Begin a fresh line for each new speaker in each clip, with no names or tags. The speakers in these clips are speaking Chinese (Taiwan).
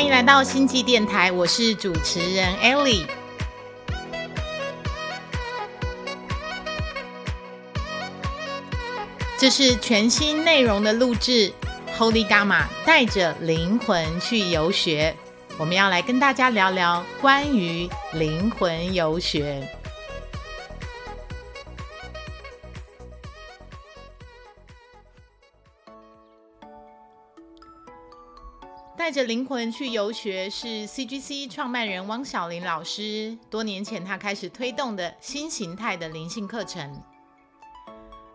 歡迎來到星際電台，我是主持人 Ellie。這是全新內容的錄製，《Holy Gamma》帶着靈魂去遊學，我們要來跟大家聊聊關於靈魂遊學。帶着靈魂去遊學，是 CGC 創辦人汪小玲老師多年前他開始推動的新形態的靈性課程。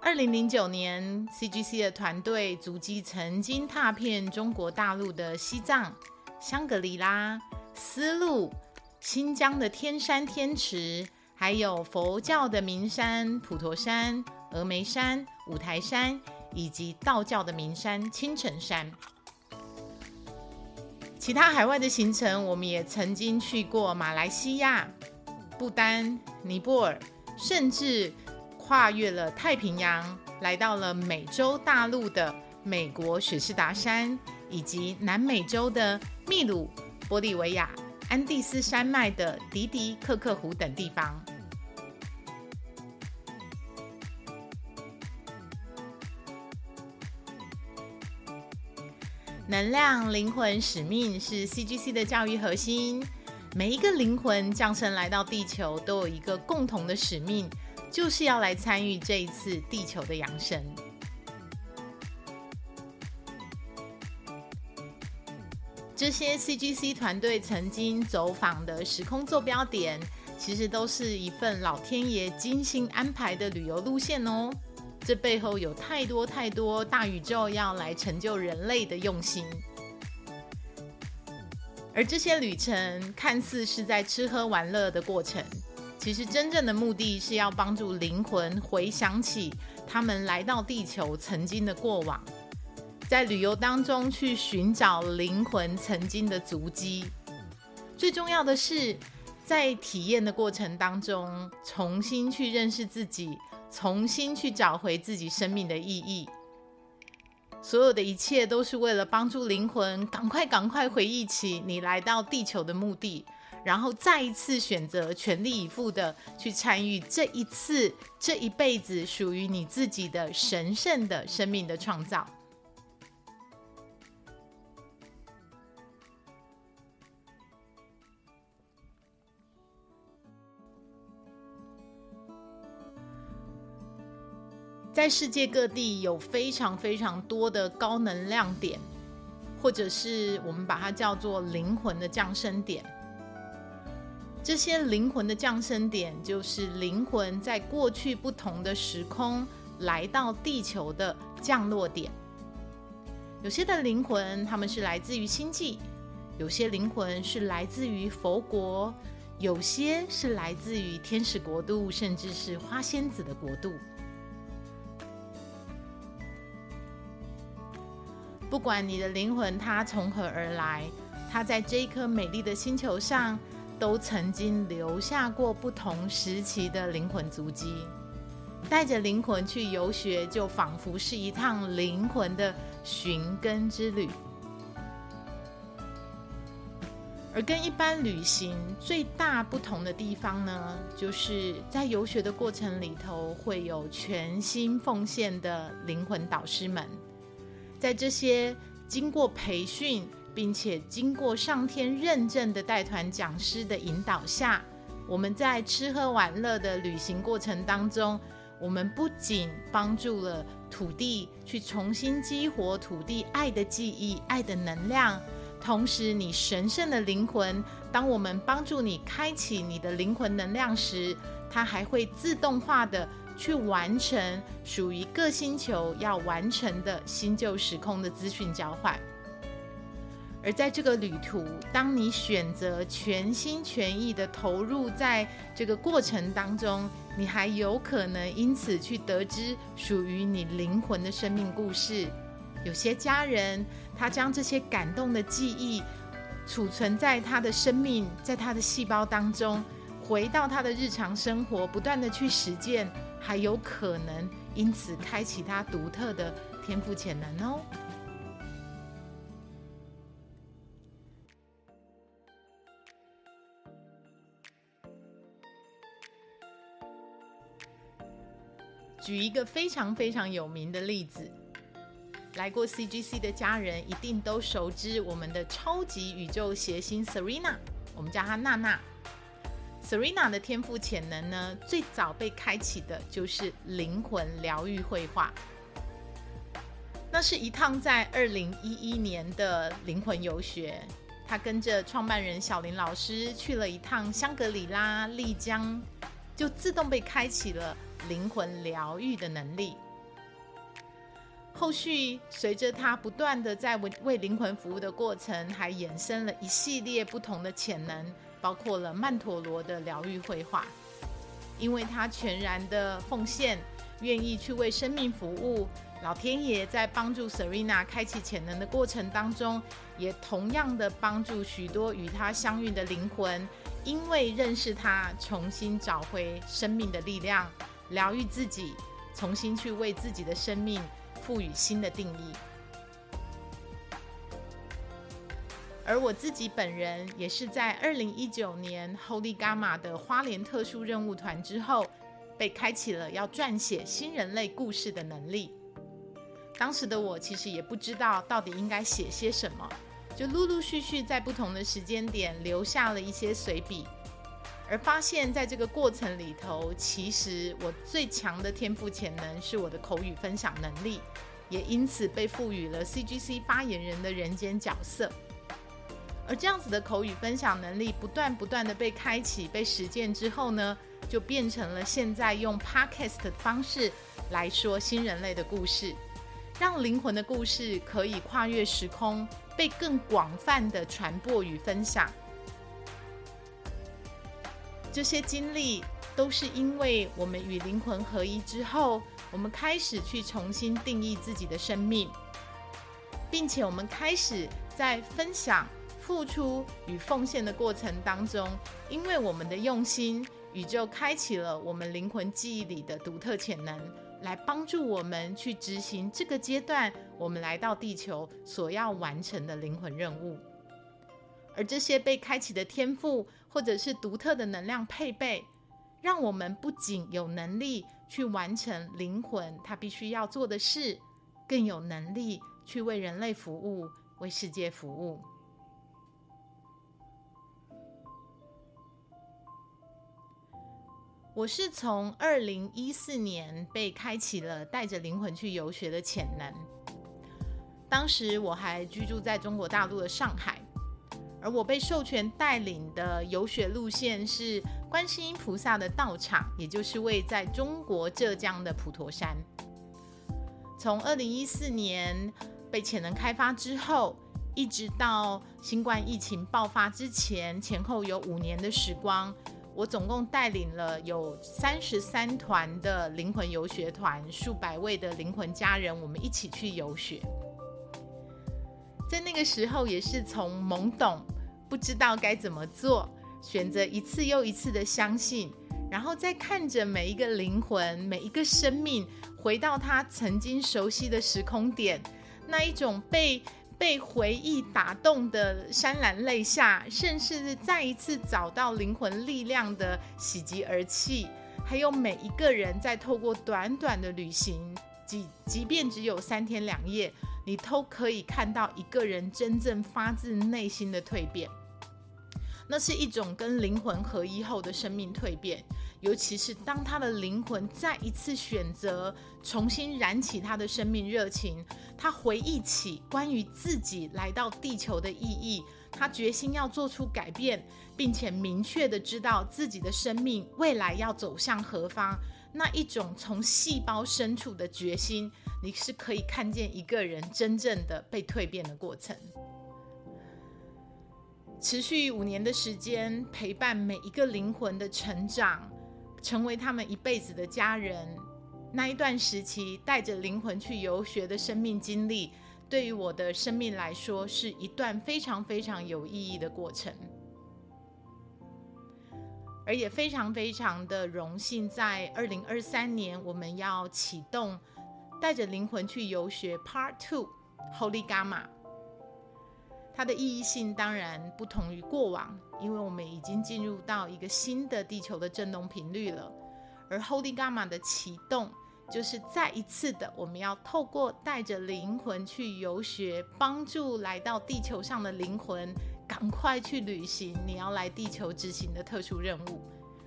二零零九年，CGC 的團隊足跡曾經踏遍中國大陸的西藏、香格里拉、絲路、新疆的天山天池，還有佛教的名山普陀山、峨眉山、五台山，以及道教的名山青城山。其他海外的行程，我們也曾經去過馬來西亞、不丹、尼泊爾，甚至跨越了太平洋，來到了美洲大陸的美國雪士達山，以及南美洲的秘魯、玻利維亞、安第斯山脈的的的喀喀湖等地方。能量、靈魂、使命是 CGC 的教育核心。每一個靈魂降生來到地球，都有一個共同的使命，就是要來參與這一次地球的揚升。這些 CGC 團隊曾經走訪的時空坐標點，其實都是一份老天爺精心安排的旅遊路線哦。這背後有太多太多大宇宙要來成就人類的用心，而這些旅程看似是在吃喝玩樂的過程，其實真正的目的是要幫助靈魂回想起他們來到地球曾經的過往，在旅遊當中去尋找靈魂曾經的足跡。最重要的是，在體驗的過程當中，重新去認識自己。重新去找回自己生命的意義，所有的一切都是為了幫助靈魂，趕快趕快回憶起你來到地球的目的，然後再一次選擇全力以赴的去參與這一次，這一輩子屬於你自己的神聖的生命的創造。在世界各地有非常非常多的高能量點，或者是我們把它叫做靈魂的降生點。這些靈魂的降生點，就是靈魂在過去不同的時空來到地球的降落點。有些的靈魂，他們是來自於星際；有些靈魂是來自於佛國；有些是來自於天使國度，甚至是花仙子的國度。不管你的靈魂它從何而來，它在這一顆美麗的星球上都曾經留下過不同時期的靈魂足跡。帶着靈魂去遊學，就仿佛是一趟靈魂的尋根之旅。而跟一般旅行最大不同的地方呢，就是在遊學的過程裡頭，會有全心奉獻的靈魂導師們。在這些經過培訓並且經過上天認證的帶團講師的引導下，我們在吃喝玩樂的旅行過程當中，我們不僅幫助了土地去重新激活土地愛的記憶、愛的能量，同時你神聖的靈魂，當我們幫助你開啟你的靈魂能量時，它還會自動化的。去完成屬於各星球要完成的新舊時空的資訊交換。而在這個旅途，當你選擇全心全意地投入在這個過程當中，你還有可能因此去得知屬於你靈魂的生命故事。有些家人，他將這些感動的記憶儲存在他的生命，在他的細胞當中，回到他的日常生活，不斷地去實踐。還有可能因此開啟他獨特的天賦潛能哦。舉一個非常非常有名的例子，來過 CGC 的家人一定都熟知我們的超級宇宙諧星 Serena，我們叫她娜娜。Serena 的天賦潛能呢，最早被開啟的就是靈魂療癒繪畫。那是一趟在二零一一年的靈魂遊學，他跟着創辦人小林老師去了一趟香格里拉、麗江，就自動被開啟了靈魂療癒的能力。後續隨着他不斷的在為為靈魂服務的過程，還衍生了一系列不同的潛能。包括了曼陀羅的療癒繪畫，因為他全然的奉獻，願意去為生命服務。老天爺在幫助 Serena 開啟潛能的過程當中，也同樣的幫助許多與他相遇的靈魂，因為認識他，重新找回生命的力量，療癒自己，重新去為自己的生命賦予新的定義。而我自己本人也是在二零一九年《Holy Gamma》的花蓮特殊任務團之後，被開啟了要撰寫新人類故事的能力。當時的我其實也不知道到底應該寫些什麼，就陸陸續續在不同的時間點留下了一些隨筆，而發現在這個過程裡頭，其實我最強的天賦潛能是我的口語分享能力，也因此被賦予了 CGC 發言人的人間角色。而這樣子的口語分享能力不斷不斷的被開啟、被實踐之後呢，就變成了現在用 Podcast 的方式來說新人類的故事，讓靈魂的故事可以跨越時空，被更廣泛的傳播與分享。這些經歷都是因為我們與靈魂合一之後，我們開始去重新定義自己的生命，並且我們開始在分享，付出與奉獻的過程當中，因為我們的用心，宇宙開啟了我們靈魂記憶裡的獨特潛能，來幫助我們去執行這個階段我們來到地球所要完成的靈魂任務。而這些被開啟的天賦，或者是獨特的能量配備，讓我們不僅有能力去完成靈魂它必須要做的事，更有能力去為人類服務，為世界服務。我是從二零一四年被開啟了帶着靈魂去遊學的潛能，當時我還居住在中國大陸的上海，而我被授權帶領的遊學路線是觀世音菩薩的道場，也就是位在中國浙江的普陀山。從二零一四年被潛能開發之後，一直到新冠疫情爆發之前，前後有五年的時光。我總共帶領了有三十三團的靈魂遊學團，數百位的靈魂家人，我們一起去遊學。在那個時候，也是從懵懂，不知道該怎麼做，選擇一次又一次的相信，然後再看着每一個靈魂、每一個生命回到他曾經熟悉的時空點，那一種被。被回憶打動的潸然淚下，甚至是再一次找到靈魂力量的喜極而泣，還有每一個人在透過短短的旅行，即即便只有三天兩夜，你都可以看到一個人真正發自內心的蛻變。那是一種跟靈魂合一後的生命蛻變。尤其是當他的靈魂再一次選擇重新燃起他的生命熱情，他回憶起關於自己來到地球的意義，他決心要做出改變，並且明確的知道自己的生命未來要走向何方。那一種從細胞深處的決心，你是可以看見一個人真正的被蛻變的過程。持續五年的時間，陪伴每一個靈魂的成長。成為他們一輩子的家人，那一段時期帶着靈魂去遊學的生命經歷，對於我的生命來說是一段非常非常有意義的過程，而也非常非常的榮幸，在二零二三年我們要啟動帶着靈魂去遊學 Part Two Holy Gamma。它的意義性當然不同於過往，因為我們已經進入到一個新的地球的震動頻率了。而 Holy Gamma 的啟動，就是再一次的，我們要透過帶着靈魂去遊學，幫助來到地球上的靈魂，趕快去履行你要來地球執行的特殊任務。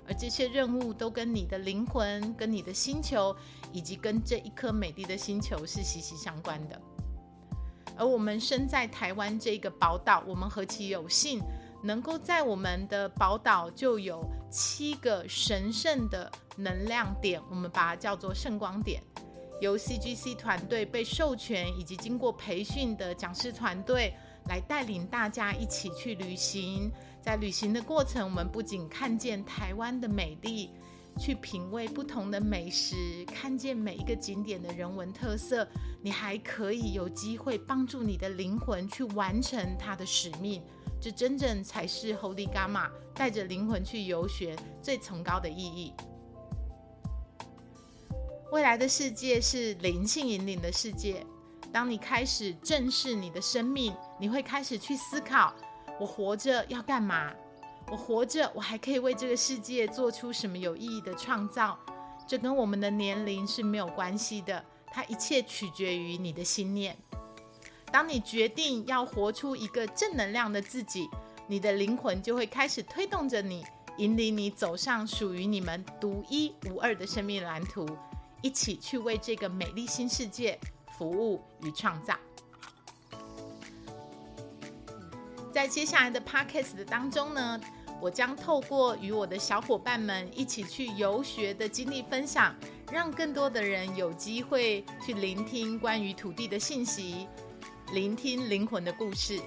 而這些任務都跟你的靈魂、跟你的星球，以及跟這一顆美麗的星球是息息相關的。而我們身在台灣這個寶島，我們何其有幸，能夠在我們的寶島就有七個神聖的能量點，我們把它叫做聖光點。由 CGC 團隊被授權以及經過培訓的講師團隊來帶領大家一起去旅行。在旅行的過程，我們不僅看見台灣的美麗。去品味不同的美食，看見每一個景點的人文特色，你還可以有機會幫助你的靈魂去完成它的使命，這真正才是 Holy Gamma 帶着靈魂去遊學最崇高的意義。未來的世界是靈性引領的世界，當你開始正視你的生命，你會開始去思考：我活着要幹嘛？我活着，我還可以為這個世界做出什麼有意義的創造？這跟我們的年齡是沒有關係的，它一切取決於你的信念。當你決定要活出一個正能量的自己，你的靈魂就會開始推動着你，引領你走上屬於你們獨一無二的生命藍圖，一起去為這個美麗新世界服務與創造。在接下來的 podcast 的當中呢，我將透過與我的小夥伴們一起去遊學的經歷分享，讓更多的人有機會去聆聽關於土地的信息，聆聽靈魂的故事。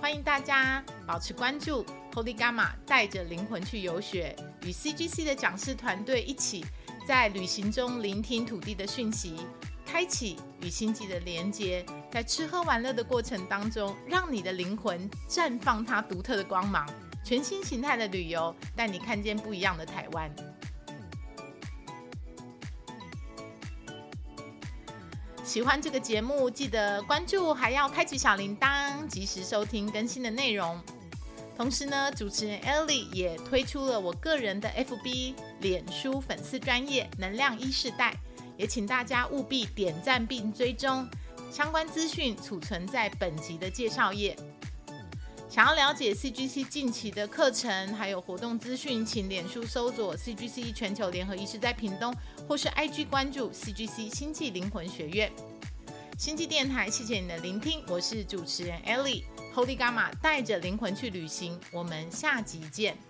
歡迎大家保持關注，Holy Gamma 帶着靈魂去遊學，與 CGC 的講師團隊一起在旅行中聆聽土地的訊息，開啟與星際的連接，在吃喝玩樂的過程當中，讓你的靈魂綻放它獨特的光芒。全新形態的旅遊，帶你看見不一樣的台灣。喜歡這個節目，記得關注，還要開啟小鈴鐺，及時收聽更新的內容。同時呢，主持人 Ellie 也推出了我個人的 FB 臉書粉絲專頁能量 e 世代，也請大家務必點贊並追蹤，相關資訊儲存在本集的介紹頁。想要了解 CGC 近期的課程還有活動資訊，請臉書搜索 CGC 全球聯合意識在屏東，或是 IG 關注 CGC 星際靈魂學院、星際電台。謝謝你的聆聽，我是主持人 Ellie，Holy Gamma，帶着靈魂去旅行。我們下集見。